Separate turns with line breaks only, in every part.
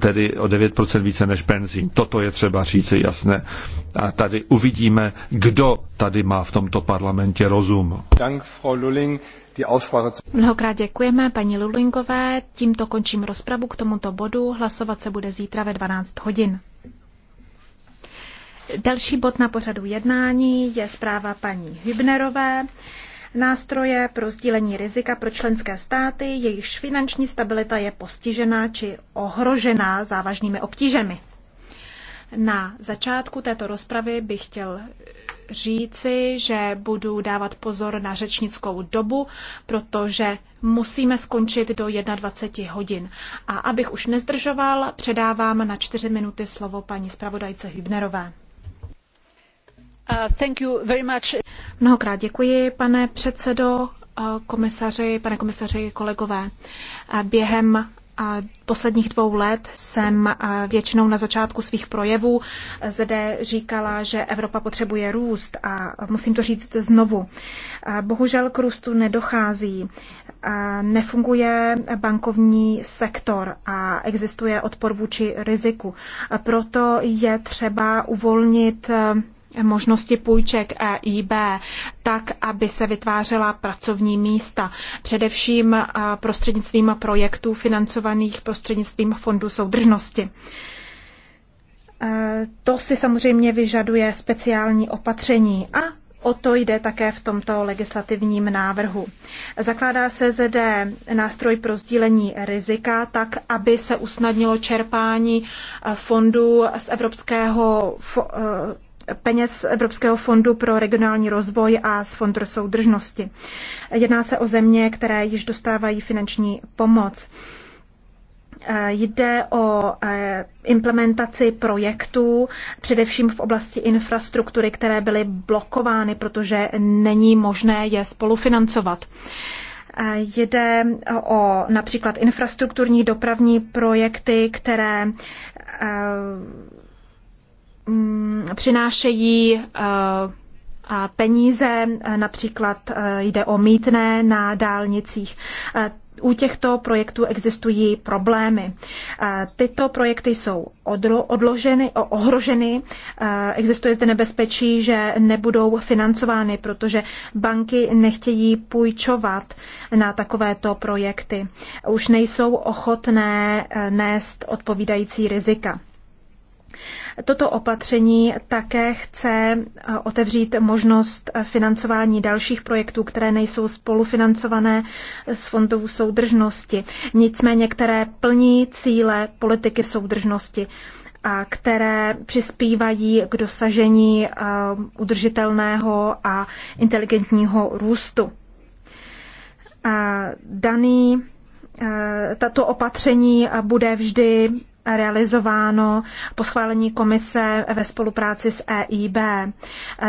tedy o 9% více než benzín. Toto je třeba říci jasné. A tady uvidíme, kdo tady má v tomto parlamentě rozum. Dank,
Frau Lulling.
Mnohokrát děkujeme paní Lulingové. Tímto končím rozpravu k tomuto bodu. Hlasovat se bude zítra ve 12 hodin. Další bod na pořadu jednání je zpráva paní Hübnerové nástroje pro sdílení rizika pro členské státy, jejichž finanční stabilita je postižená či ohrožená závažnými obtížemi. Na začátku této rozpravy bych chtěl říci, že budu dávat pozor na řečnickou dobu, protože musíme skončit do 21 hodin. A abych už nezdržoval, předávám na čtyři minuty slovo paní zpravodajce Hübnerové. Uh, Mnohokrát děkuji, pane předsedo, uh, komisaři, pane komisaři, kolegové. Uh, během posledních dvou let jsem většinou na začátku svých projevů zde říkala, že Evropa potřebuje růst a musím to říct znovu. Bohužel k růstu nedochází. Nefunguje bankovní sektor a existuje odpor vůči riziku. Proto je třeba uvolnit možnosti půjček EIB, tak, aby se vytvářela pracovní místa, především eh, prostřednictvím projektů financovaných prostřednictvím Fondu soudržnosti. Eh, to si samozřejmě vyžaduje speciální opatření a O to jde také v tomto legislativním návrhu. Zakládá se zde nástroj pro sdílení rizika tak, aby se usnadnilo čerpání eh, fondů z Evropského peněz z Evropského fondu pro regionální rozvoj a z Fondu soudržnosti. Jedná se o země, které již dostávají finanční pomoc. Eh, jde o eh, implementaci projektů, především v oblasti infrastruktury, které byly blokovány, protože není možné je spolufinancovat. Eh, jde o například infrastrukturní dopravní projekty, které Mm, přinášejí eh, peníze, eh, například eh, jde o mítné na dálnicích. U těchto projektů existují problémy. Tyto projekty jsou odloženy, ohroženy. Existuje zde nebezpečí, že nebudou financovány, protože banky nechtějí půjčovat na takovéto projekty. Už nejsou ochotné nést odpovídající rizika. Toto opatření také chce eh, otevřít možnost eh, financování dalších projektů, které nejsou spolufinancované s fondou soudržnosti. Nicméně, které plní cíle politiky soudržnosti a které přispívají k dosažení eh, udržitelného a inteligentního růstu. A daný tato opatření bude vždy realizováno po schválení komise ve spolupráci s EIB.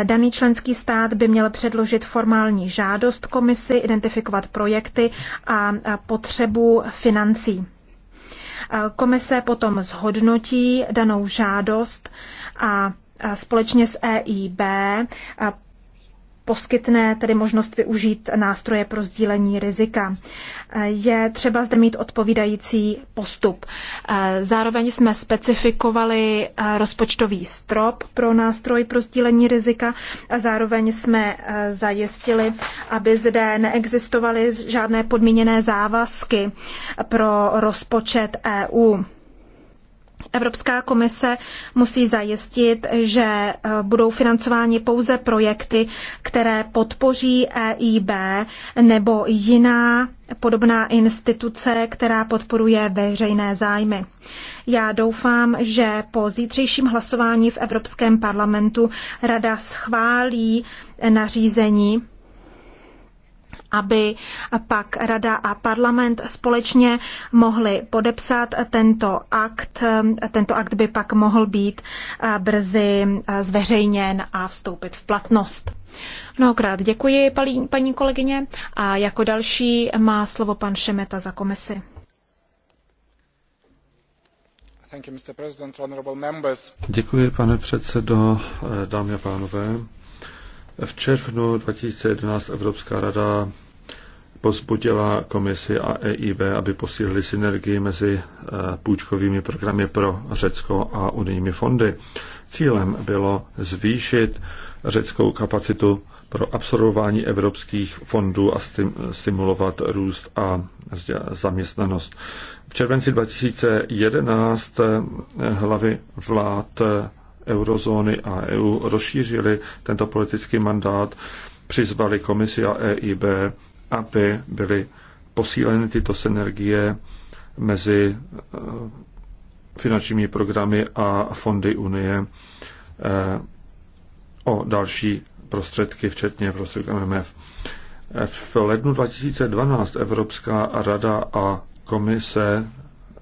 Daný členský stát by měl předložit formální žádost komisi, identifikovat projekty a potřebu financí. Komise potom zhodnotí danou žádost a společně s EIB poskytne tedy možnost využít nástroje pro sdílení rizika. Je třeba zde mít odpovídající postup. Zároveň jsme specifikovali rozpočtový strop pro nástroj pro sdílení rizika a zároveň jsme zajistili, aby zde neexistovaly žádné podmíněné závazky pro rozpočet EU. Evropská komise musí zajistit, že eh, budou financovány pouze projekty, které podpoří EIB nebo jiná podobná instituce, která podporuje veřejné zájmy. Já doufám, že po zítřejším hlasování v Evropském parlamentu Rada schválí nařízení, aby pak Rada a parlament společně mohli podepsat tento akt. Tento akt by pak mohl být eh, brzy eh, zveřejněn a vstoupit v platnost. Mnohokrát děkuji, paní kolegyně. A jako další má slovo pan Šemeta za komisi.
Děkuji, pane předsedo, eh, dámy a pánové. V červnu 2011 Evropská rada pozbudila komisi a EIB, aby posílili synergii mezi eh, půjčkovými programy pro Řecko a unijními fondy. Cílem bylo zvýšit řeckou kapacitu pro absorbování evropských fondů a stimulovat růst a zaměstnanost. V červenci 2011 eh, hlavy vlád eh, eurozóny a EU rozšířili tento politický mandát, přizvali komisi a EIB aby byly posíleny tyto synergie mezi eh, finančními programy a fondy Unie eh, o další prostředky, včetně prostředků MMF. V lednu 2012 Evropská rada a komise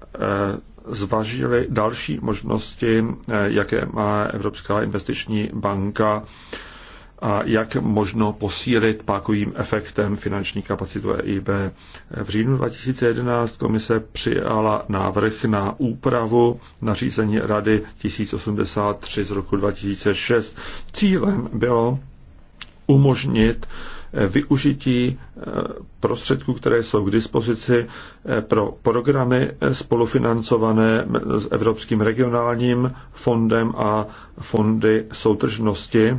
eh, zvažily další možnosti, jaké má Evropská investiční banka a jak možno posílit pákovým efektem finanční kapacitu EIB. V říjnu 2011 komise přijala návrh na úpravu nařízení Rady 1083 z roku 2006. Cílem bylo umožnit eh, využití eh, prostředků, které jsou k dispozici eh, pro programy spolufinancované s Evropským regionálním fondem a fondy soutržnosti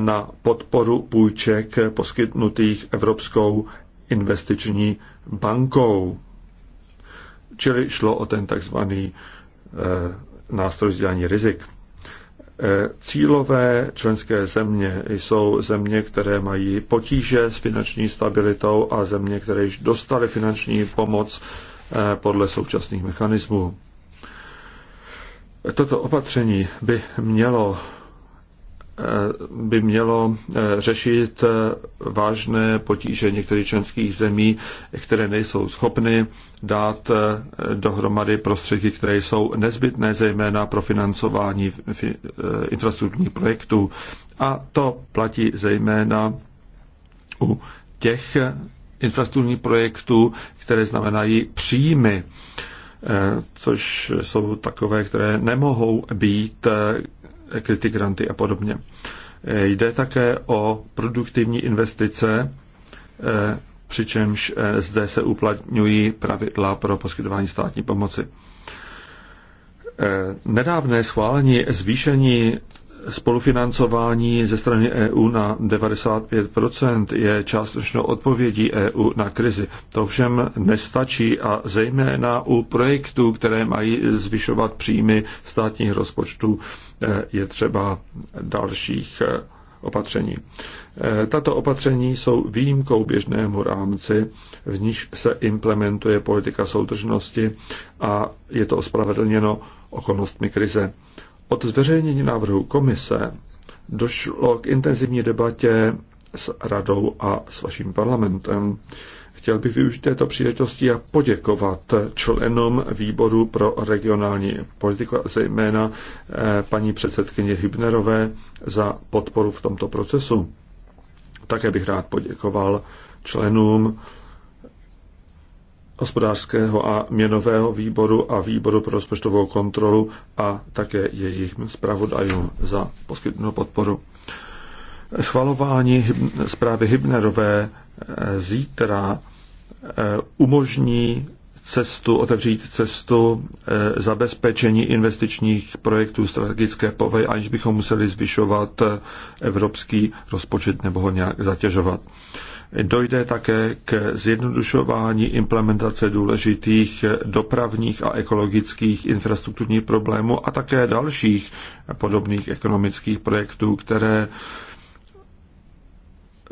na podporu půjček poskytnutých Evropskou investiční bankou. Čili šlo o ten tzv. Eh, nástroj sdělení rizik. Eh, cílové členské země jsou země, které mají potíže s finanční stabilitou a země, které již dostaly finanční pomoc eh, podle současných mechanismů. Toto opatření by mělo Eh, by mělo eh, řešit eh, vážné potíže některých členských zemí, které nejsou schopny dát dohromady prostředky, které jsou nezbytné zejména pro financování infrastrukturních projektů. A to platí zejména u těch infrastrukturních projektů, které znamenají příjmy, což jsou takové, které nemohou být kryty granty a podobně. Eh, jde také o produktivní investice, eh, přičemž eh, zde se uplatňují pravidla pro poskytování státní pomoci. Nedávné schválení zvýšení spolufinancování ze strany EU na 95% je částečnou odpovědí EU na krizi. To všem nestačí a zejména u projektů, které mají zvyšovat příjmy státních rozpočtů, eh, je třeba dalších eh, opatření. Eh, tato opatření jsou výjimkou běžnému rámci, v níž se implementuje politika soudržnosti a je to ospravedlněno okolnostmi krize. Od zveřejnění návrhu komise došlo k intenzivní debatě s radou a s vaším parlamentem. Chtěl bych využít této příležitosti a poděkovat členům výboru pro regionální politiku, zejména eh, paní předsedkyně Hybnerové, za podporu v tomto procesu. Také bych rád poděkoval členům hospodářského a měnového výboru a výboru pro rozpočtovou kontrolu a také jejich zpravodajům za poskytnutou podporu. Schvalování zprávy Hybnerové eh, zítra eh, umožní cestu, otevřít cestu eh, zabezpečení investičních projektů strategické povahy, aniž bychom museli zvyšovat eh, evropský rozpočet nebo ho nějak zatěžovat. Dojde také k zjednodušování implementace důležitých eh, dopravních a ekologických infrastrukturních problémů a také dalších podobných ekonomických projektů, které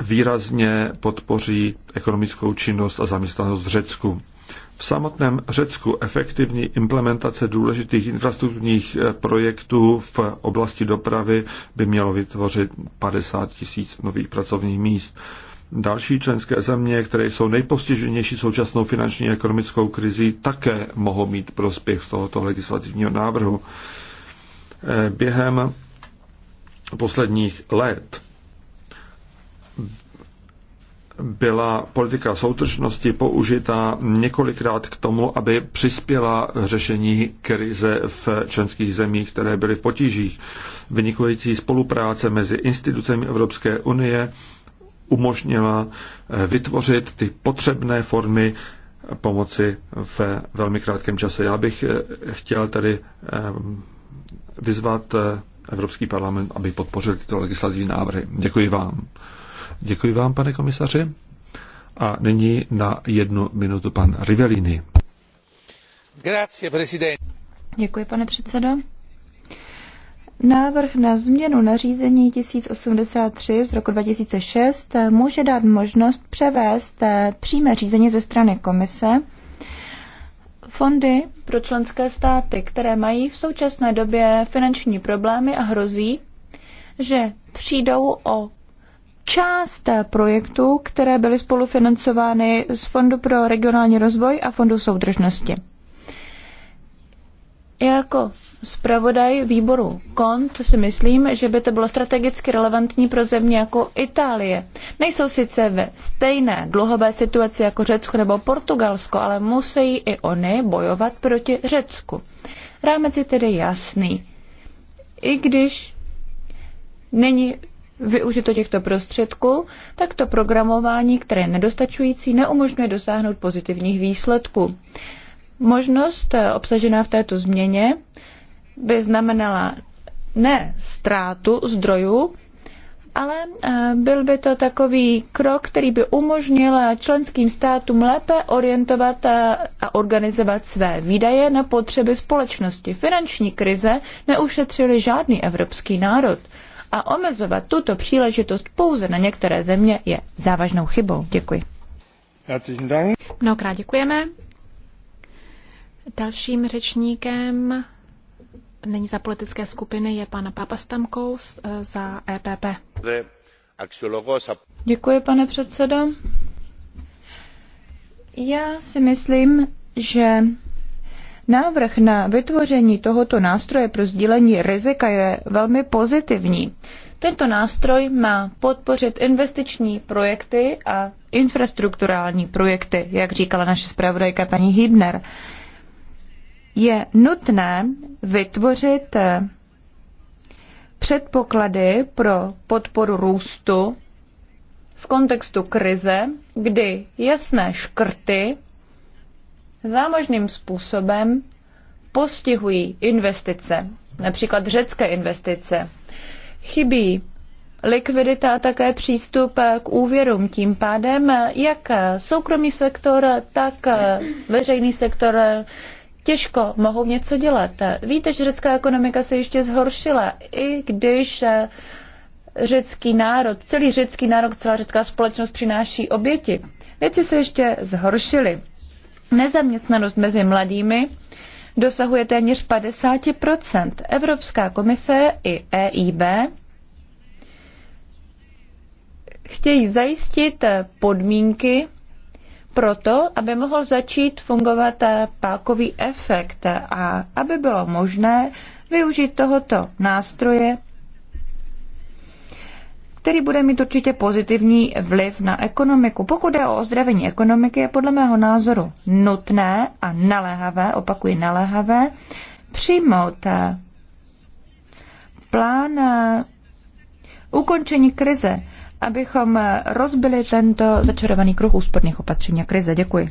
výrazně podpoří ekonomickou činnost a zaměstnanost v Řecku. V samotném Řecku efektivní implementace důležitých infrastrukturních eh, projektů v oblasti dopravy by mělo vytvořit 50 tisíc nových pracovních míst. Další členské země, které jsou nejpostiženější současnou finanční a ekonomickou krizí, také mohou mít prospěch z tohoto legislativního návrhu. Eh, Během posledních let byla politika soudržnosti použita několikrát k tomu, aby přispěla řešení krize v členských zemích, které byly v potížích. Vynikující spolupráce mezi institucemi Evropské unie umožnila eh, vytvořit ty potřebné formy pomoci v velmi krátkém čase. Já bych eh, chtěl tady eh, vyzvat Evropský parlament, aby podpořil tyto legislativní návrhy. Děkuji vám. Děkuji vám, pane komisaři. A nyní na jednu minutu pan Rivellini. Grazie, prezident.
Děkuji, pane předsedo. Návrh na změnu nařízení 1083 z roku 2006 může dát možnost převést eh, přímé řízení ze strany komise fondy pro členské státy, které mají v současné době finanční problémy a hrozí, že přijdou o část projektů, které byly spolufinancovány z Fondu pro regionální rozvoj a Fondu soudržnosti. Jako zpravodaj výboru KONT si myslím, že by to bylo strategicky relevantní pro země jako Itálie. Nejsou sice ve stejné dlouhové situaci jako Řecko nebo Portugalsko, ale musí i oni bojovat proti Řecku. Rámec je tedy jasný. I když není využito těchto prostředků, tak to programování, které je nedostačující, neumožňuje dosáhnout pozitivních výsledků. Možnost eh, obsažená v této změně by znamenala ne ztrátu zdrojů, ale eh, byl by to takový krok, který by umožnil eh, členským státům lépe orientovat a organizovat své výdaje na potřeby společnosti. Finanční krize neušetřili žádný evropský národ a omezovat tuto příležitost pouze na některé země je závažnou chybou. Děkuji. Mnohokrát děkujeme. Dalším řečníkem
není za politické skupiny je pan Papastamkou eh, za EPP.
Děkuji, pane předsedo. Já si myslím, že Návrh na vytvoření tohoto nástroje pro sdílení rizika je velmi pozitivní. Tento nástroj má podpořit investiční projekty a infrastrukturální projekty, jak říkala naše zpravodajka paní Hibner. Je nutné vytvořit eh, předpoklady pro podporu růstu v kontextu krize, kdy jasné škrty zámožným způsobem postihují investice, například řecké investice. Chybí likvidita a také přístup k úvěrům. Tím pádem, jak soukromý sektor, tak veřejný sektor těžko mohou něco dělat. Víte, že řecká ekonomika se ještě zhoršila, i když řecký národ, celý řecký národ, celá řecká společnost přináší oběti. Věci se ještě zhoršily. Nezaměstnanost mezi mladými dosahuje téměř 50 Evropská komise i EIB chtějí zajistit podmínky pro to, aby mohl začít fungovat pákový efekt a aby bylo možné využít tohoto nástroje který bude mít určitě pozitivní vliv na ekonomiku. Pokud je o ozdravení ekonomiky, je podle mého názoru nutné a naléhavé, opakuji naléhavé, přijmout eh, plán eh, ukončení krize, abychom eh, rozbili tento začarovaný kruh úsporných opatření a krize. Děkuji.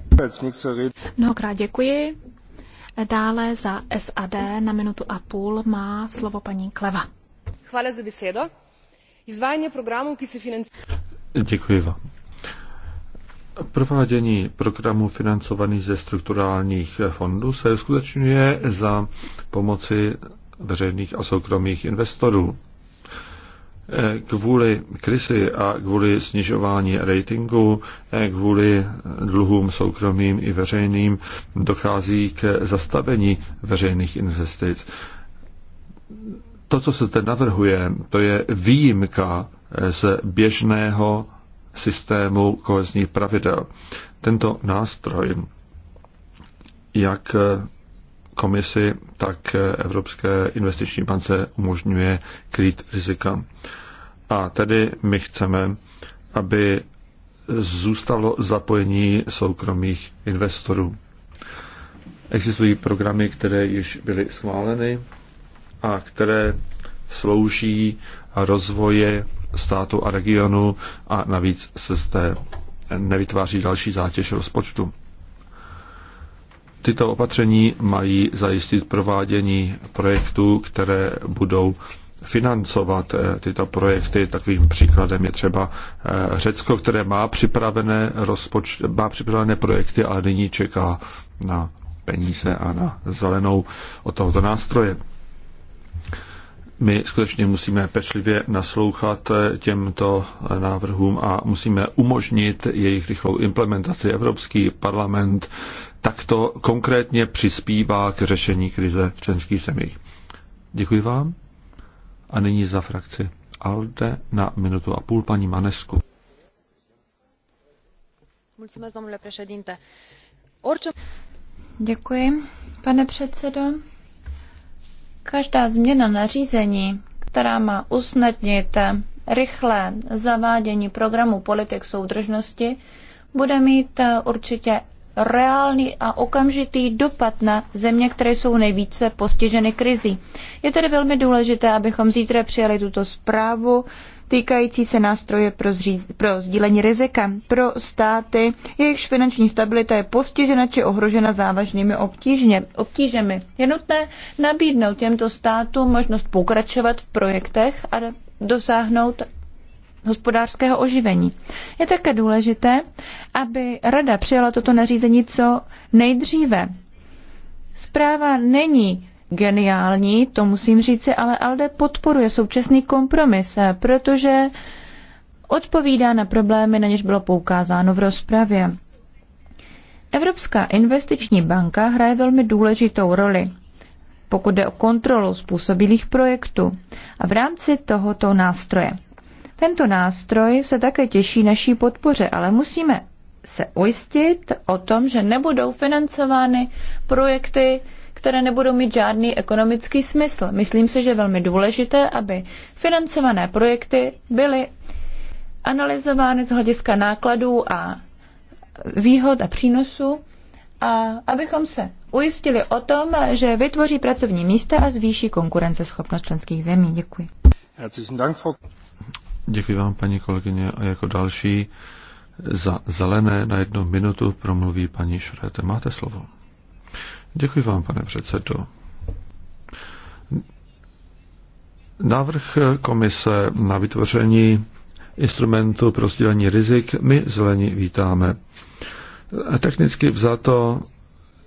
Mnohokrát děkuji. Dále za SAD na minutu a půl má slovo paní Kleva. Chvále
za
besedo.
Izvajanje programov, ki se
Děkuji vám. Provádění programů financovaných ze strukturálních fondů se uskutečňuje za pomoci veřejných a soukromých investorů. Kvůli krizi a kvůli snižování ratingu, kvůli dluhům soukromým i veřejným dochází k zastavení veřejných investic to, co se zde navrhuje, to je výjimka z běžného systému kohezních pravidel. Tento nástroj, jak komisi, tak Evropské investiční bance umožňuje krýt rizika. A tedy my chceme, aby zůstalo zapojení soukromých investorů. Existují programy, které již byly schváleny a které slouží rozvoji státu a regionu a navíc se zde nevytváří další zátěž rozpočtu. Tyto opatření mají zajistit provádění projektů, které budou financovat eh, tyto projekty. Takovým příkladem je třeba eh, Řecko, které má připravené, rozpočt, má připravené projekty, ale nyní čeká na peníze a na zelenou od tohoto nástroje my skutečně musíme pečlivě naslouchat eh, těmto eh, návrhům a musíme umožnit jejich rychlou implementaci. Evropský parlament takto konkrétně přispívá k řešení krize v členských zemích. Děkuji vám a nyní za frakci ALDE na minutu a půl paní Manesku.
Děkuji, pane předsedo. Každá změna nařízení, která má usnadnit rychlé zavádění programu politik soudržnosti, bude mít určitě reálný a okamžitý dopad na země, které jsou nejvíce postiženy krizí. Je tedy velmi důležité, abychom zítra přijali tuto zprávu týkající se nástroje pro, zříz, pro sdílení rizika pro státy, jejichž finanční stabilita je postižena či ohrožena závažnými obtížně, obtížemi. Je nutné nabídnout těmto státům možnost pokračovat v projektech a dosáhnout hospodářského oživení. Je také důležité, aby Rada přijala toto nařízení co nejdříve. Zpráva není geniální, to musím říci, ale ALDE podporuje současný kompromis, protože odpovídá na problémy, na něž bylo poukázáno v rozpravě. Evropská investiční banka hraje velmi důležitou roli, pokud jde o kontrolu způsobilých projektů a v rámci tohoto nástroje. Tento nástroj se také těší naší podpoře, ale musíme se ujistit o tom, že nebudou financovány projekty, které nebudou mít žádný ekonomický smysl. Myslím si, že je velmi důležité, aby financované projekty byly analyzovány z hlediska nákladů a výhod a přínosů a abychom se ujistili o tom, že vytvoří pracovní místa a zvýší konkurenceschopnost členských zemí. Děkuji.
Děkuji vám, paní kolegyně. A jako další za zelené na jednu minutu promluví paní Šrete. Máte slovo. Děkuji vám, pane předsedo. Návrh komise na vytvoření instrumentu pro sdělení rizik my zelení vítáme. Technicky vzato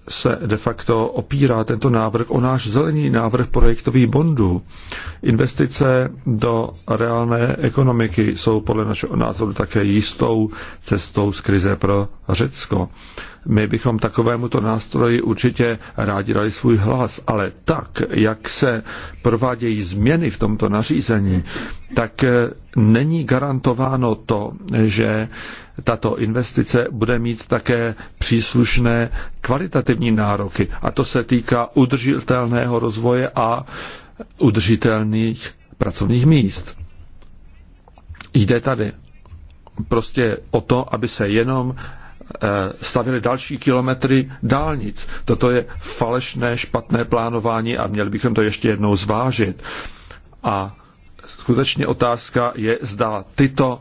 se de facto opírá tento návrh o náš zelený návrh projektových bondů. Investice do reálné ekonomiky jsou podle našeho názoru také jistou cestou z krize pro Řecko. My bychom takovémuto nástroji určitě rádi dali svůj hlas, ale tak, jak se provádějí změny v tomto nařízení, tak není garantováno to, že tato investice bude mít také příslušné kvalitativní nároky. A to se týká udržitelného rozvoje a udržitelných pracovních míst. Jde tady prostě o to, aby se jenom eh, stavili další kilometry dálnic. Toto je falešné, špatné plánování a měli bychom to ještě jednou zvážit. A skutečně otázka je, zda tyto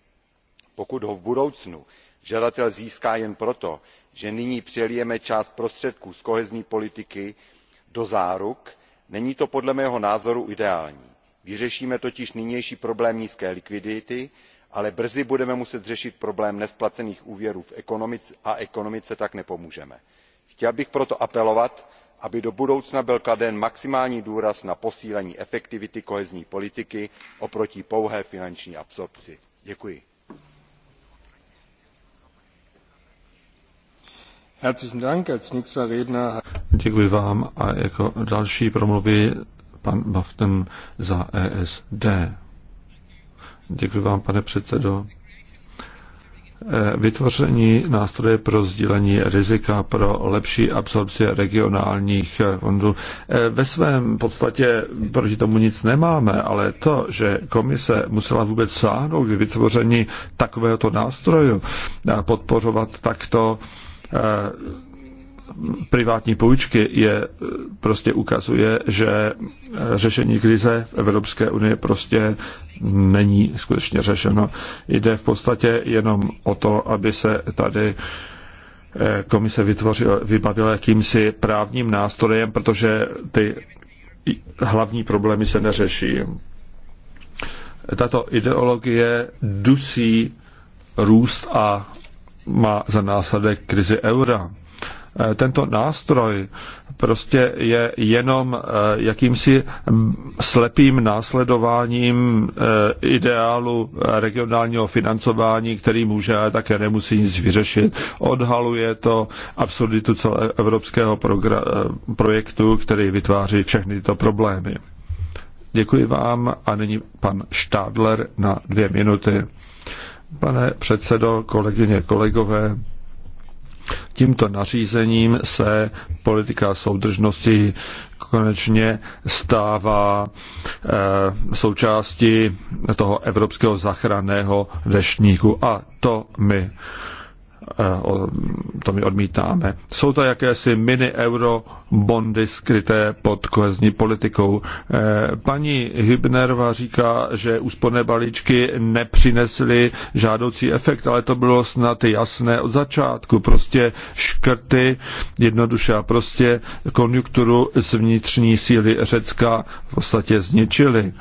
pokud ho v budoucnu žadatel získá jen proto že nyní přelijeme část prostředků z kohezní politiky do záruk není to podle mého názoru ideální. vyřešíme totiž nynější problém nízké likvidity ale brzy budeme muset řešit problém nesplacených úvěrů a ekonomice tak nepomůžeme. chtěl bych proto apelovat aby do budoucna byl kladen maximální důraz na posílení efektivity kohezní politiky oproti pouhé finanční absorpci. děkuji.
Děkuji vám a jako další promluví pan Bafton za ESD. Děkuji vám, pane předsedo. E, vytvoření nástroje pro sdílení rizika pro lepší absorpci regionálních e, fondů. E, ve svém podstatě proti tomu nic nemáme, ale to, že komise musela vůbec sáhnout k vytvoření takovéhoto nástroju a podporovat takto Eh, privátní půjčky je, eh, prostě ukazuje, že eh, řešení krize v Evropské unii prostě není skutečně řešeno. Jde v podstatě jenom o to, aby se tady komise vytvořil, vybavila jakýmsi právním nástrojem, protože ty hlavní problémy se neřeší. Tato ideologie dusí růst a má za následek krizi eura. E, tento nástroj prostě je jenom e, jakýmsi slepým následováním e, ideálu regionálního financování, který může, ale také nemusí nic vyřešit. Odhaluje to absurditu celého evropského projektu, který vytváří všechny tyto problémy. Děkuji vám a nyní pan Štádler na dvě minuty. Pane předsedo, kolegyně, kolegové, tímto nařízením se politika soudržnosti konečně stává eh, součástí toho evropského zachranného deštníku a to my Eh, to my odmítáme. Jsou to jakési mini eurobondy skryté pod kohezní politikou. Eh, paní Hybnerová říká, že úsporné balíčky nepřinesly žádoucí efekt, ale to bylo snad jasné od začátku. Prostě škrty jednoduše a prostě konjunkturu z vnitřní síly Řecka v podstatě zničily.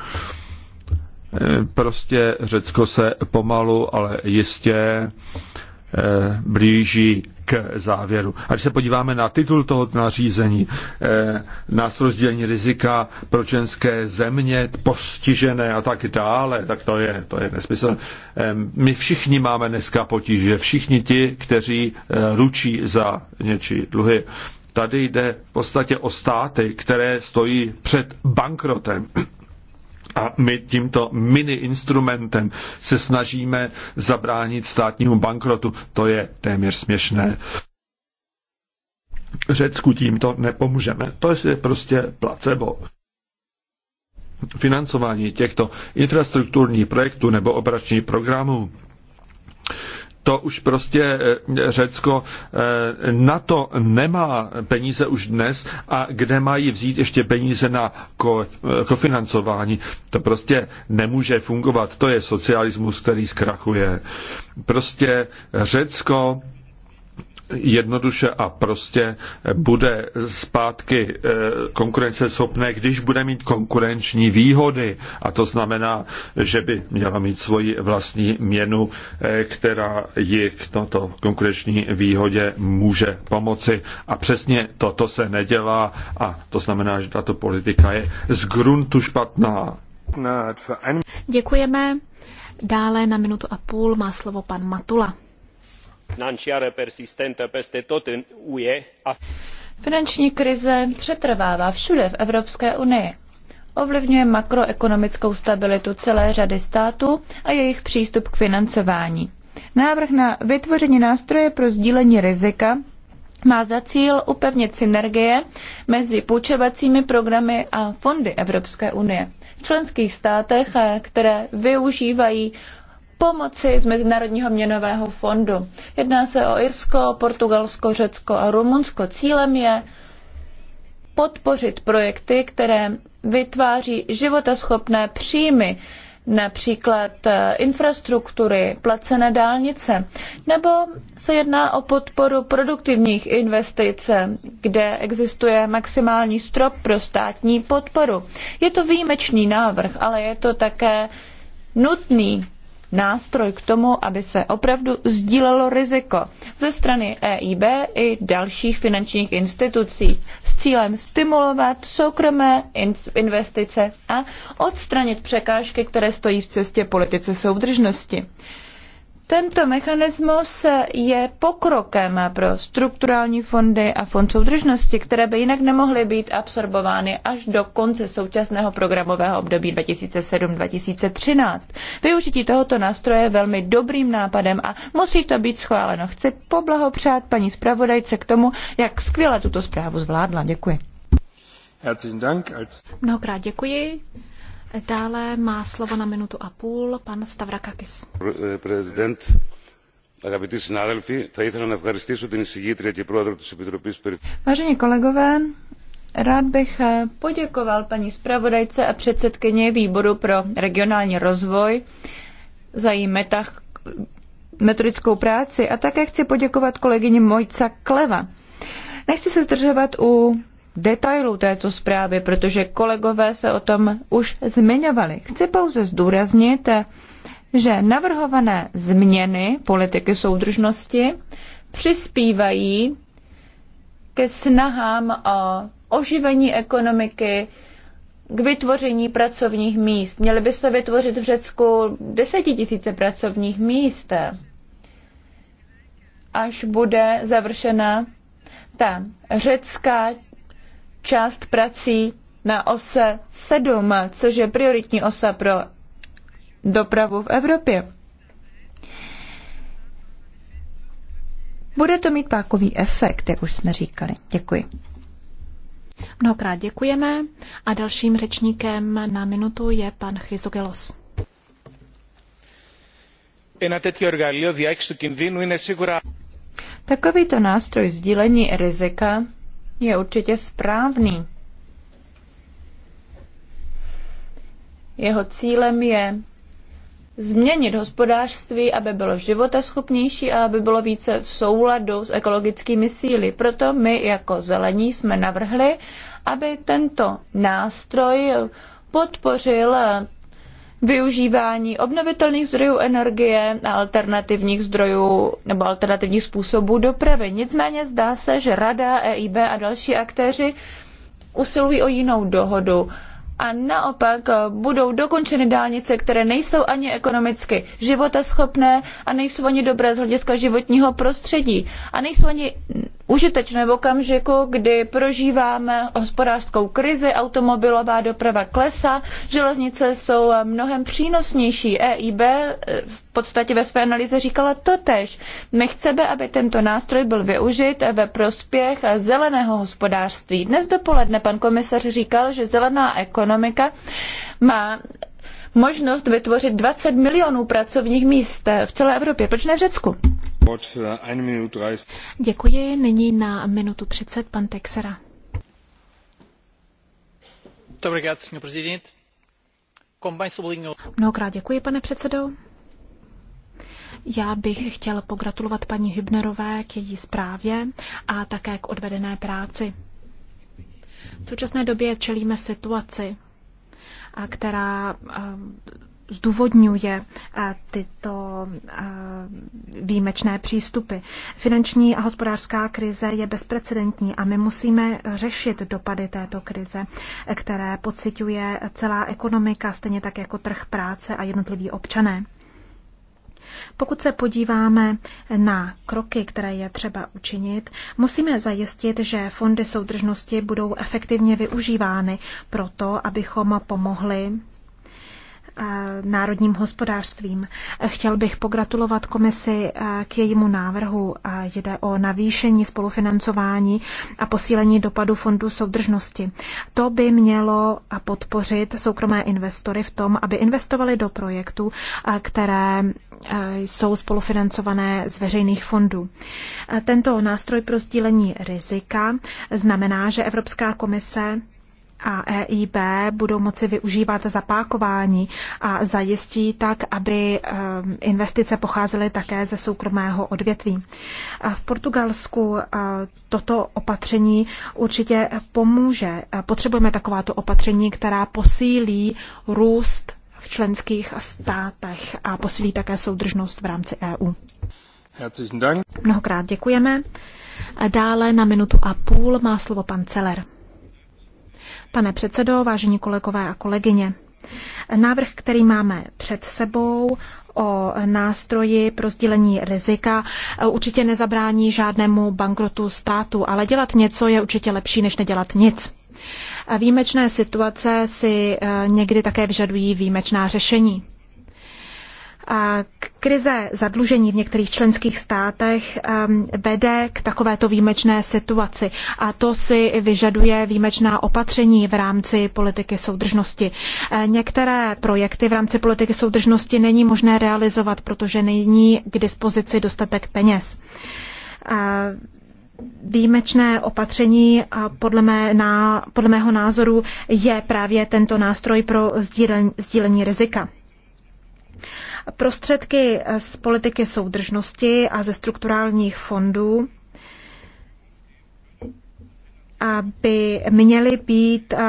Eh, prostě Řecko se pomalu, ale jistě Eh, blíží k závěru. A když se podíváme na titul tohoto nařízení, eh, nástroj rozdělení rizika pro ženské země, postižené a tak dále, tak to je, to je nesmysl. Eh, my všichni máme dneska potíže, všichni ti, kteří ručí za něčí dluhy. Tady jde v podstatě o státy, které stojí před bankrotem. A my tímto mini instrumentem se snažíme zabránit státnímu bankrotu. To je téměř směšné. Řecku tímto nepomůžeme. To je prostě placebo. Financování těchto infrastrukturních projektů nebo operačních programů to už prostě eh, Řecko eh, na to nemá peníze už dnes a kde mají vzít ještě peníze na eh, kofinancování. To prostě nemůže fungovat. To je socialismus, který zkrachuje. Prostě Řecko jednoduše a prostě bude zpátky eh, konkurenceschopné, když bude mít konkurenční výhody. A to znamená, že by měla mít svoji vlastní měnu, eh, která ji k toto konkurenční výhodě může pomoci. A přesně toto se nedělá a to znamená, že tato politika je z gruntu špatná.
Děkujeme. Dále na minutu a půl má slovo pan Matula
financiară
persistentă peste tot în UE.
Finanční krize přetrvává všude v Evropské unii. Ovlivňuje makroekonomickou stabilitu celé řady států a jejich přístup k financování. Návrh na vytvoření nástroje pro sdílení rizika má za cíl upevnit synergie mezi půjčovacími programy a fondy Evropské unie. V členských státech, které využívají pomoci z Mezinárodního měnového fondu. Jedná se o Irsko, Portugalsko, Řecko a Rumunsko. Cílem je podpořit projekty, které vytváří životaschopné příjmy, například eh, infrastruktury, placené dálnice, nebo se jedná o podporu produktivních investic, eh, kde existuje maximální strop pro státní podporu. Je to výjimečný návrh, ale je to také nutný nástroj k tomu, aby se opravdu sdílelo riziko ze strany EIB i dalších finančních institucí s cílem stimulovat soukromé investice a odstranit překážky, které stojí v cestě politice soudržnosti. Tento mechanismus je pokrokem pro strukturální fondy a fond soudržnosti, které by jinak nemohly být absorbovány až do konce současného programového období 2007-2013. Využití tohoto nástroje je velmi dobrým nápadem a musí to být schváleno. Chci poblahopřát paní zpravodajce k tomu, jak skvěle tuto zprávu zvládla. Děkuji.
Mnohokrát děkuji. Dále má slovo na minutu a půl
pan Stavrakakis.
Eh, prezident. Αγαπητοί συνάδελφοι, θα ήθελα να
ευχαριστήσω την εισηγήτρια και πρόεδρο της Επιτροπής
Vážení kolegové, rád bych eh, poděkoval paní zpravodajce a předsedkyni výboru pro regionální rozvoj za její metach, metodickou práci a také chci poděkovat kolegyni Mojca Kleva. Nechci se zdržovat u detailů této zprávy, protože kolegové se o tom už zmiňovali. Chci pouze zdůraznit, že navrhované změny politiky soudržnosti přispívají ke snahám o oživení ekonomiky, k vytvoření pracovních míst. Měly by se vytvořit v Řecku desetitisíce pracovních míst, až bude završena ta řecká část prací na ose 7, což je prioritní osa pro dopravu v Evropě. Bude to mít pákový efekt, jak už jsme říkali. Děkuji. Mnohokrát
děkujeme a dalším řečníkem na minutu je pan Chrysogelos.
Takovýto nástroj sdílení rizika je určitě správný. Jeho cílem je změnit hospodářství, aby bylo životaschopnější a aby bylo více v souladu s ekologickými síly. Proto my jako zelení jsme navrhli, aby tento nástroj podpořil využívání obnovitelných zdrojů energie a alternativních zdrojů nebo alternativních způsobů dopravy. Nicméně zdá se, že Rada, EIB a další aktéři usilují o jinou dohodu a naopak eh, budou dokončeny dálnice, které nejsou ani ekonomicky životaschopné a nejsou ani dobré z hlediska životního prostředí a nejsou ani užitečné v okamžiku, kdy prožíváme hospodářskou krizi, automobilová doprava klesá, železnice jsou eh, mnohem přínosnější. EIB eh, v podstatě ve své analýze říkala to tež. My chceme, aby tento nástroj byl využit ve prospěch zeleného hospodářství. Dnes dopoledne pan komisař říkal, že zelená ekonomika ekonomika má možnost vytvořit 20 milionů pracovních míst eh, v celé Evropě. Proč ne v Řecku?
Děkuji. Nyní na minutu 30 pan Texera. Mnohokrát děkuji, pane předsedo. Já bych chtěl pogratulovat paní Hübnerové k její zprávě a také k odvedené práci. V současné době čelíme situaci, která zdůvodňuje tyto výjimečné přístupy. Finanční a hospodářská krize je bezprecedentní a my musíme řešit dopady této krize, které pociťuje celá ekonomika, stejně tak jako trh práce a jednotliví občané. Pokud se podíváme na kroky, které je třeba učinit, musíme zajistit, že fondy soudržnosti budou efektivně využívány proto, abychom pomohli národním hospodářstvím. Chtěl bych pogratulovat komisi eh, k jejímu návrhu. Jde o navýšení spolufinancování a posílení dopadu fondu soudržnosti. To by mělo podpořit soukromé investory v tom, aby investovali do projektů, které eh, jsou spolufinancované z veřejných fondů. Tento nástroj pro sdílení rizika znamená, že Evropská komise a EIB budou moci využívat zapákování a zajistí tak, aby ehm, investice pocházely také ze soukromého odvětví. V Portugalsku eh, toto opatření určitě pomůže. Potřebujeme takováto opatření, která posílí růst v členských státech a posílí také soudržnost v rámci EU. Mnohokrát děkujeme. Dále na minutu a půl má slovo pan Celer. Pane předsedo, vážení kolegové a kolegyně, návrh, který máme před sebou, o nástroji pro sdílení rizika určitě nezabrání žádnému bankrotu státu, ale dělat něco je určitě lepší, než nedělat nic. Výjimečné situace si eh, někdy také vyžadují výjimečná řešení. Krize zadlužení v některých členských státech ehm, vede k takovéto výjimečné situaci a to si vyžaduje výjimečná opatření v rámci politiky soudržnosti. E, některé projekty v rámci politiky soudržnosti není možné realizovat, protože není k dispozici dostatek peněz e, výjimečné opatření podle, mé, na, podle mého názoru je právě tento nástroj pro sdílení rizika. Prostředky z politiky soudržnosti a ze strukturálních fondů by měly být eh,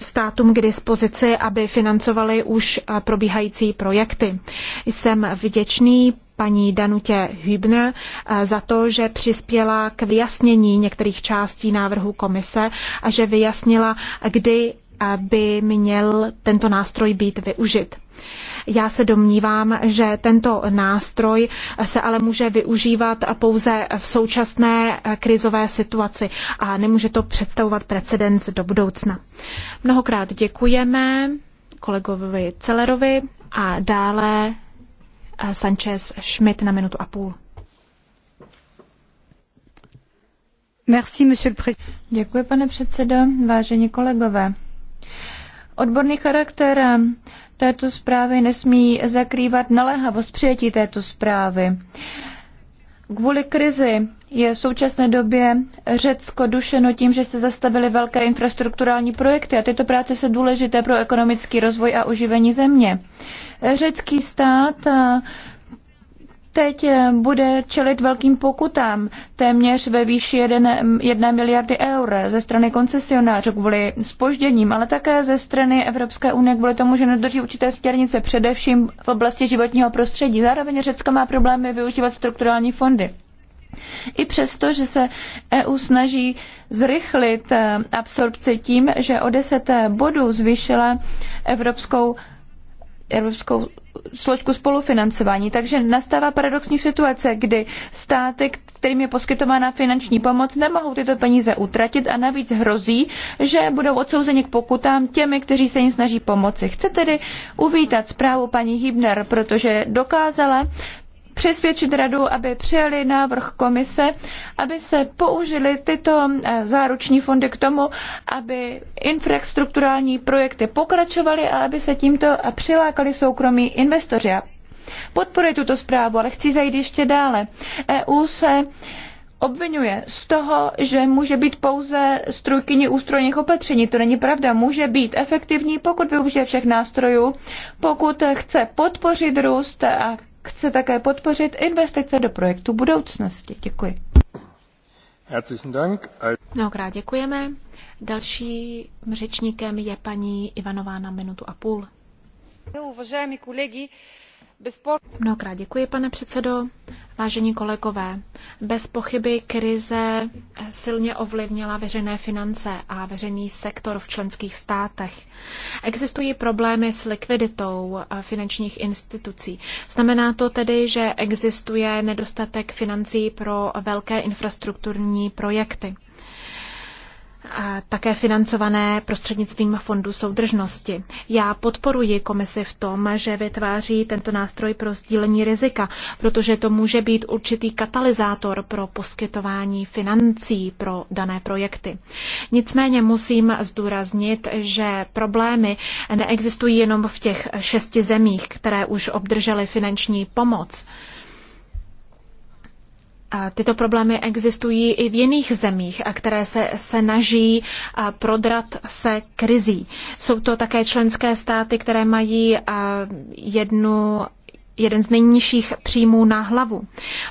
státům k dispozici, aby financovali už eh, probíhající projekty. Jsem vděčný paní Danutě Hübner eh, za to, že přispěla k vyjasnění některých částí návrhu komise a že vyjasnila, kdy by měl tento nástroj být využit. Já se domnívám, že tento nástroj se ale může využívat pouze v současné krizové situaci a nemůže to představovat precedens do budoucna. Mnohokrát děkujeme kolegovi Celerovi a dále eh, Sanchez Schmidt na minutu a půl.
Merci, Děkuji, pane předsedo, vážení kolegové. Odborný charakter této zprávy nesmí zakrývat naléhavost přijetí této zprávy. Kvůli krizi je v současné době Řecko dušeno tím, že se zastavily velké infrastrukturální projekty a tyto práce jsou důležité pro ekonomický rozvoj a uživení země. Řecký stát teď eh, bude čelit velkým pokutám téměř ve výši 1 miliardy eur ze strany koncesionářů kvůli spožděním, ale také ze strany Evropské unie kvůli tomu, že nedrží určité směrnice, především v oblasti životního prostředí. Zároveň Řecko má problémy využívat strukturální fondy. I přesto, že se EU snaží zrychlit eh, absorpci tím, že o 10 eh, bodů zvýšila evropskou evropskou složku spolufinancování. Takže nastává paradoxní situace, kdy státy, kterým je poskytována finanční pomoc, nemohou tyto peníze utratit a navíc hrozí, že budou odsouzeni k pokutám těmi, kteří se jim snaží pomoci. Chci tedy uvítat zprávu paní Hibner, protože dokázala přesvědčit radu, aby přijali návrh komise, aby se použily tyto eh, záruční fondy k tomu, aby infrastrukturální projekty pokračovaly a aby se tímto a přilákali soukromí investoři. Podporuji tuto zprávu, ale chci zajít ještě dále. EU se obvinuje z toho, že může být pouze strojkyní ústrojních opatření. To není pravda. Může být efektivní, pokud využije všech nástrojů, pokud chce podpořit růst a chce také podpořit investice do projektu budoucnosti. Děkuji.
Herzlichen Dank.
Mnohokrát děkujeme. Dalším řečníkem je paní Ivanová na minutu a půl. Mnohokrát děkuji, pane předsedo. Vážení kolegové, bez pochyby krize silně ovlivnila veřejné finance a veřejný sektor v členských státech. Existují problémy s likviditou eh, finančních institucí. Znamená to tedy, že existuje nedostatek financí pro velké infrastrukturní projekty také financované prostřednictvím Fondu soudržnosti. Já podporuji komisi v tom, že vytváří tento nástroj pro sdílení rizika, protože to může být určitý katalyzátor pro poskytování financí pro dané projekty. Nicméně musím zdůraznit, že problémy neexistují jenom v těch šesti zemích, které už obdržely finanční pomoc. Tyto problémy existují i v jiných zemích, které se snaží prodrat se krizí. Jsou to také členské státy, které mají jednu, jeden z nejnižších příjmů na hlavu.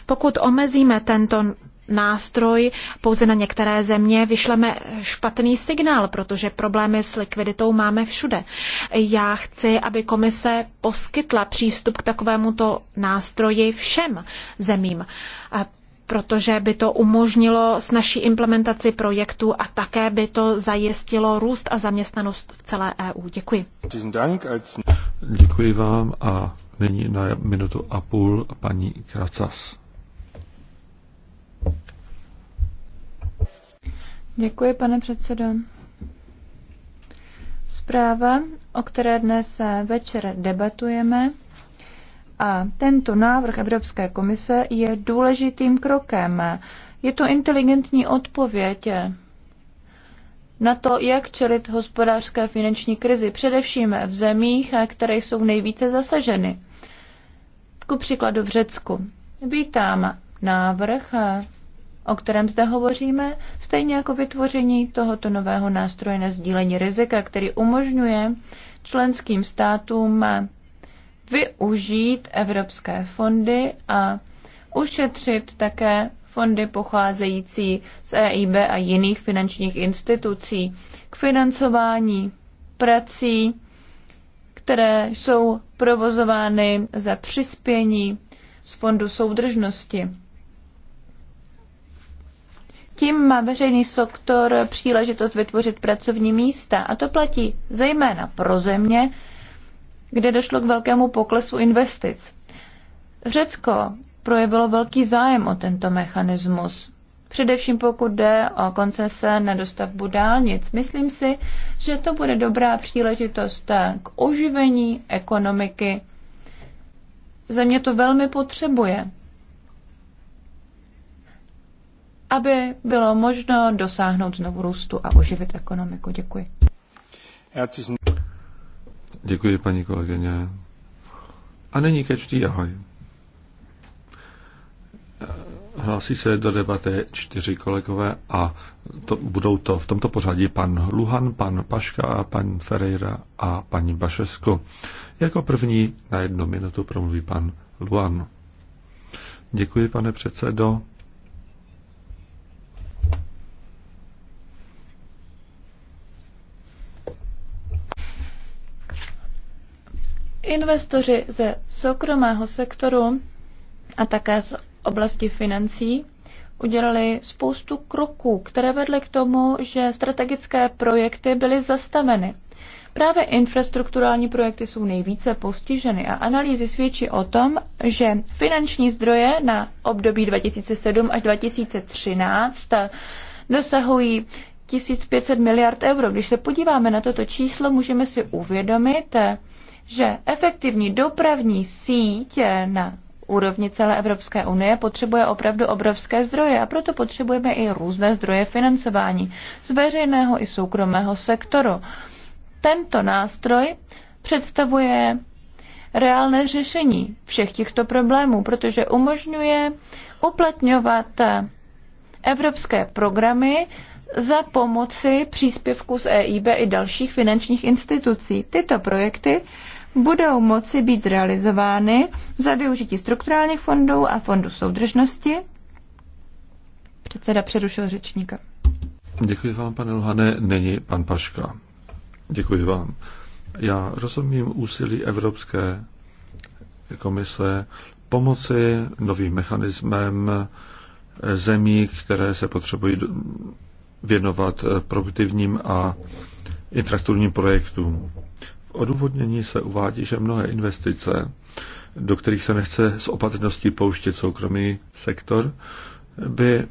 Pokud omezíme tento nástroj pouze na některé země, vyšleme špatný signál, protože problémy s likviditou máme všude. Já chci, aby komise poskytla přístup k takovémuto nástroji všem zemím protože by to umožnilo naší implementaci projektu a také by to zajistilo růst a zaměstnanost v celé EU. Děkuji.
Děkuji vám a nyní na minutu a půl paní Kracas.
Děkuji, pane předsedo. Zpráva, o které dnes večer debatujeme, a tento návrh Evropské komise je důležitým krokem. Je to inteligentní odpověď na to, jak čelit hospodářské finanční krizi, především v zemích, které jsou nejvíce zasaženy. Ku příkladu v Řecku. Vítám návrh, o kterém zde hovoříme, stejně jako vytvoření tohoto nového nástroje na sdílení rizika, který umožňuje členským státům využít evropské fondy a ušetřit také fondy pocházející z EIB a jiných finančních institucí k financování prací, které jsou provozovány za přispění z Fondu soudržnosti. Tím má veřejný sektor příležitost vytvořit pracovní místa a to platí zejména pro země, kde došlo k velkému poklesu investic. Řecko projevilo velký zájem o tento mechanismus, především pokud jde o koncese na dostavbu dálnic. Myslím si, že to bude dobrá příležitost k oživení ekonomiky. Země to velmi potřebuje, aby bylo možno dosáhnout znovu růstu a oživit ekonomiku. Děkuji.
Děkuji, paní kolegyně. A není každý ahoj. Hlásí se do debaty čtyři kolegové a to, budou to v tomto pořadí pan Luhan, pan Paška, pan Ferreira a paní Bašesko. Jako první na jednu minutu promluví pan Luhan. Děkuji, pane předsedo.
Investoři ze soukromého sektoru a také z oblasti financí udělali spoustu kroků, které vedly k tomu, že strategické projekty byly zastaveny. Právě infrastrukturální projekty jsou nejvíce postiženy a analýzy svědčí o tom, že finanční zdroje na období 2007 až 2013 dosahují 1500 miliard euro. Když se podíváme na toto číslo, můžeme si uvědomit, že efektivní dopravní síť na úrovni celé Evropské unie potřebuje opravdu obrovské zdroje a proto potřebujeme i různé zdroje financování z veřejného i soukromého sektoru. Tento nástroj představuje reálné řešení všech těchto problémů, protože umožňuje uplatňovat evropské programy za pomoci příspěvku z EIB i dalších finančních institucí. Tyto projekty budou moci být zrealizovány za využití strukturálních fondů a fondu soudržnosti. Předseda přerušil řečníka.
Děkuji vám, pane Luhane. Není pan Paška. Děkuji vám. Já rozumím úsilí Evropské komise pomoci novým mechanismem zemí, které se potřebují věnovat eh, produktivním a infrastrukturním projektům. V odůvodnění se uvádí, že mnohé investice, do kterých se nechce s opatrností pouštět soukromý sektor, by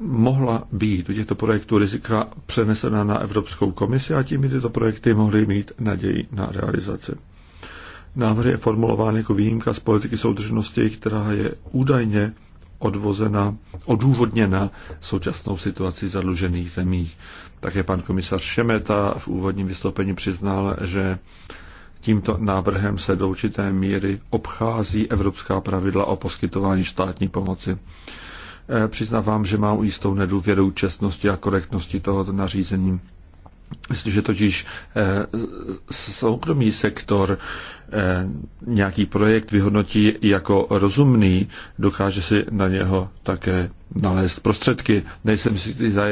mohla být u těchto projektů rizika přenesena na Evropskou komisi a tím by tyto projekty mohly mít naději na realizaci. Návrh je formulován jako výjimka z politiky soudržnosti, která je údajně odvozena, odůvodněna současnou situací zadlužených zemích. Také pan komisař Šemeta v úvodním vystoupení přiznal, že tímto návrhem se do určité míry obchází evropská pravidla o poskytování státní pomoci. E, přiznávám, že mám jistou nedůvěru čestnosti a korektnosti tohoto nařízení. Jestliže totiž eh, soukromý sektor eh, nějaký projekt vyhodnotí jako rozumný, dokáže si na něho také nalézt prostředky. Nejsem si za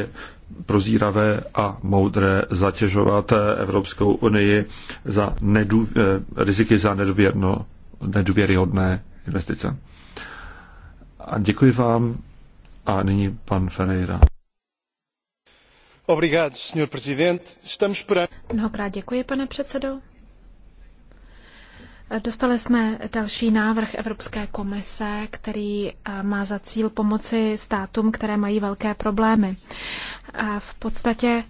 prozíravé a moudré zatěžovat eh, Evropskou unii za nedů, riziky za nedůvěrno, nedůvěryhodné investice. A děkuji vám a nyní pan Ferreira.
Mnohokrát děkuji, pane předsedo. Dostali jsme další návrh Evropské komise, který eh, má za cíl pomoci státům, které mají velké problémy. Eh, v podstatě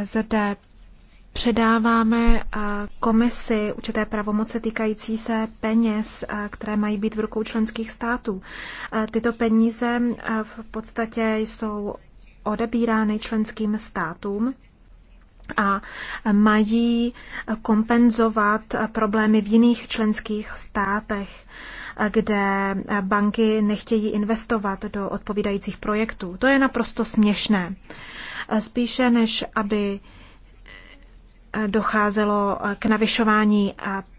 eh, zde předáváme komisi určité pravomoce týkající se peněz, které mají být v rukou členských států. Tyto peníze v podstatě jsou odebírány členským státům a mají kompenzovat problémy v jiných členských státech, kde banky nechtějí investovat do odpovídajících projektů. To je naprosto směšné. Spíše než aby docházelo k navyšování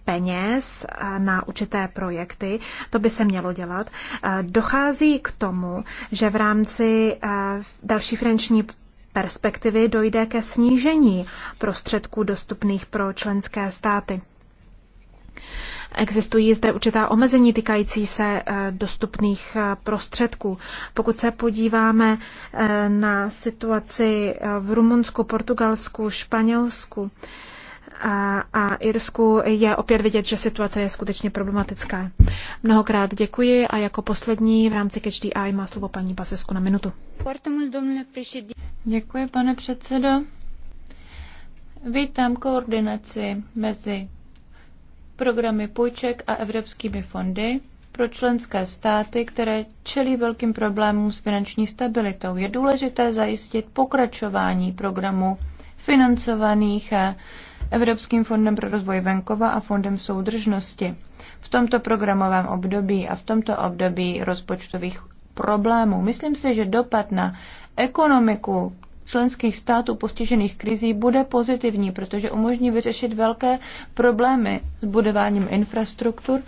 peněz eh, na určité projekty, to by se mělo dělat, eh, dochází k tomu, že v rámci eh, další finanční perspektivy dojde ke snížení prostředků dostupných pro členské státy. Existují zde určitá omezení týkající se dostupných prostředků. Pokud se podíváme na situaci v Rumunsku, Portugalsku, Španělsku, a, a Irsku je opět vidět, že situace je skutečně problematická. Mnohokrát děkuji a jako poslední v rámci Catch the Eye má slovo paní Basesku na minutu.
Děkuji, pane předsedo. Vítám koordinaci mezi programy půjček a evropskými fondy pro členské státy, které čelí velkým problémům s finanční stabilitou. Je důležité zajistit pokračování programu financovaných Evropským fondem pro rozvoj venkova a fondem soudržnosti. V tomto programovém období a v tomto období rozpočtových problémů. Myslím si, že dopad na ekonomiku členských států postižených krizí bude pozitivní, protože umožní vyřešit velké problémy s budováním infrastruktur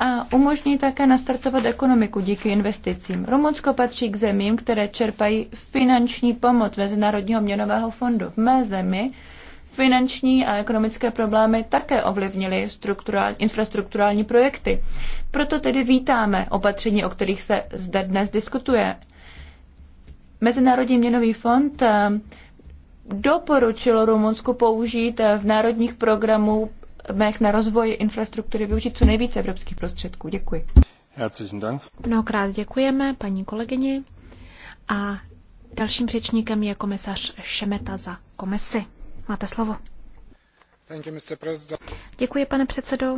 a umožní také nastartovat ekonomiku díky investicím. Rumunsko patří k zemím, které čerpají finanční pomoc Mezinárodního měnového fondu. V mé zemi Finanční a ekonomické problémy také ovlivnily infrastrukturální projekty. Proto tedy vítáme opatření, o kterých se zde dnes diskutuje. Mezinárodní měnový fond eh, doporučil Rumunsku použít eh, v národních programů mech na rozvoj infrastruktury využít co nejvíce evropských prostředků. Děkuji.
Herzlichen Dank.
Mnohokrát děkujeme paní kolegyni
a dalším řečníkem je komisař Šemeta za komisi. Máte slovo. Děkuji, pane předsedo.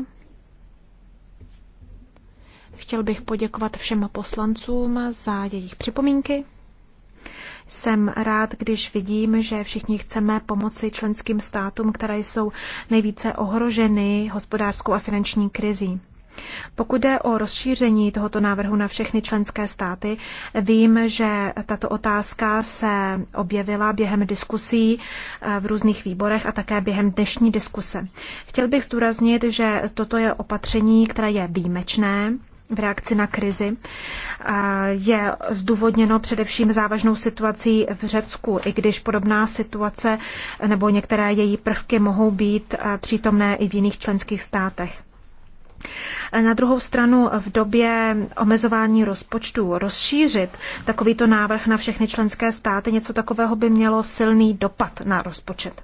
Chtěl bych poděkovat všem poslancům za jejich připomínky. Jsem rád, když vidím, že všichni chceme pomoci členským státům, které jsou nejvíce ohroženy hospodářskou a finanční krizí. Pokud jde o rozšíření tohoto návrhu na všechny členské státy, vím, že tato otázka se objevila během diskusí eh, v různých výborech a také během dnešní diskuse. Chtěl bych zdůraznit, že toto je opatření, které je výjimečné v reakci na krizi eh, je zdůvodněno především závažnou situací v Řecku, i když podobná situace nebo některé její prvky mohou být eh, přítomné i v jiných členských státech. Na druhou stranu v době omezování rozpočtu rozšířit takovýto návrh na všechny členské státy, něco takového by mělo silný dopad na rozpočet.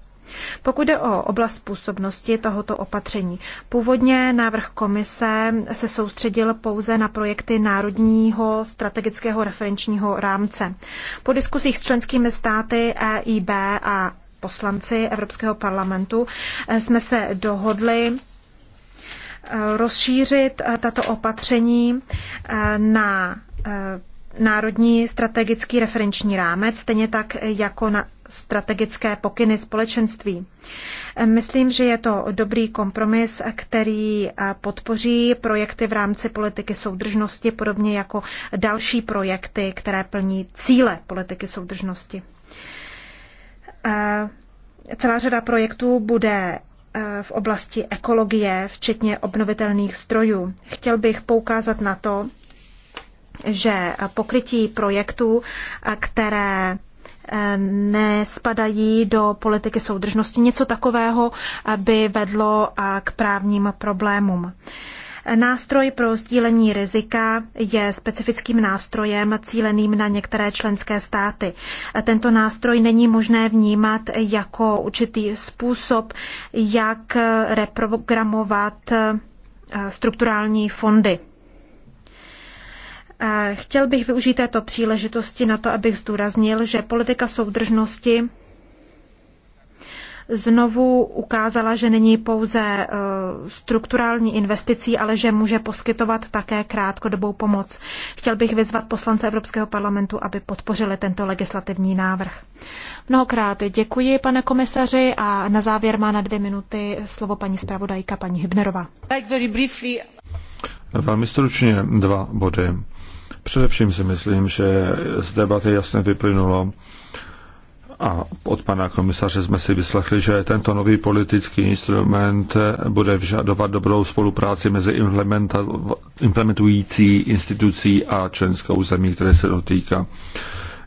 Pokud jde o oblast působnosti tohoto opatření, původně návrh komise se soustředil pouze na projekty Národního strategického referenčního rámce. Po diskusích s členskými státy EIB a poslanci Evropského parlamentu eh, jsme se dohodli Eh, rozšířit eh, tato opatření eh, na národní strategický referenční rámec, stejně tak jako na strategické pokyny společenství. Myslím, že je to dobrý kompromis, který podpoří projekty v rámci politiky soudržnosti, podobně jako další projekty, které plní cíle politiky soudržnosti. Celá řada projektů bude v oblasti ekologie, včetně obnovitelných zdrojů. Chtěl bych poukázat na to, že pokrytí projektů, které eh, nespadají do politiky soudržnosti. Něco takového eh, by vedlo eh, k právním problémům. Nástroj pro sdílení rizika je specifickým nástrojem cíleným na některé členské státy. Tento nástroj není možné vnímat jako určitý způsob, jak reprogramovat eh, strukturální fondy. Eh, chtěl bych využít této příležitosti na to, abych zdůraznil, že politika soudržnosti znovu ukázala, že není pouze eh, strukturální investicí, ale že může poskytovat také krátkodobou pomoc. Chtěl bych vyzvat poslance Evropského parlamentu, aby podpořili tento legislativní návrh. Mnohokrát děkuji, pane komisaři, a na závěr má na dvě minuty slovo paní zpravodajka, paní Hybnerová.
Velmi stručně dva body. Především si myslím, že z debaty jasně vyplynulo, a od pana komisaře jsme si vyslechli, že tento nový politický instrument bude vyžadovat dobrou spolupráci mezi implementující institucí a členskou zemí, které se dotýká.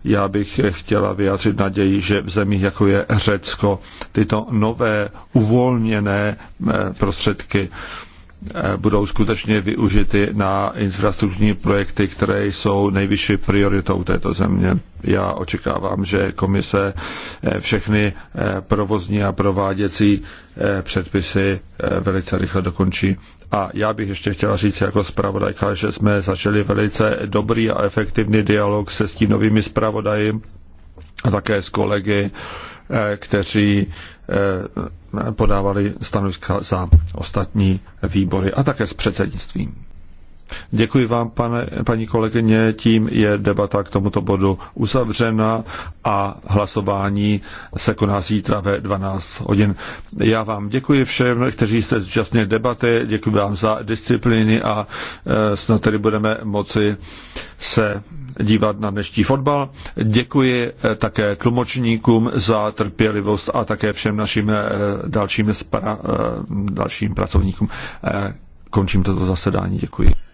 Já bych chtěla vyjádřit naději, že v zemích, jako je Řecko, tyto nové uvolněné eh, prostředky Eh, budou skutečně využity na infrastrukturní projekty, které jsou nejvyšší prioritou této země. Já očekávám, že komise eh, všechny eh, provozní a prováděcí předpisy velice rychle dokončí. A já bych ještě chtěla říct jako zpravodajka, že jsme začali velice dobrý a efektivní dialog se stínovými zpravodaji a také s kolegy Eh, kteří eh, podávali stanoviska za ostatní výbory a také s předsednictvím. Děkuji vám, pane, paní kolegyně. Tím je debata k tomuto bodu uzavřena a hlasování se koná zítra ve 12 hodin. Já vám děkuji všem, kteří jste zúčastnili debaty, děkuji vám za disciplíny a eh, snad tedy budeme moci se dívat na dnešní fotbal. Děkuji eh, také tlumočníkům za trpělivost a také všem našim eh, dalším, spra, dalším pracovníkům. Končím toto zasedání. Děkuji.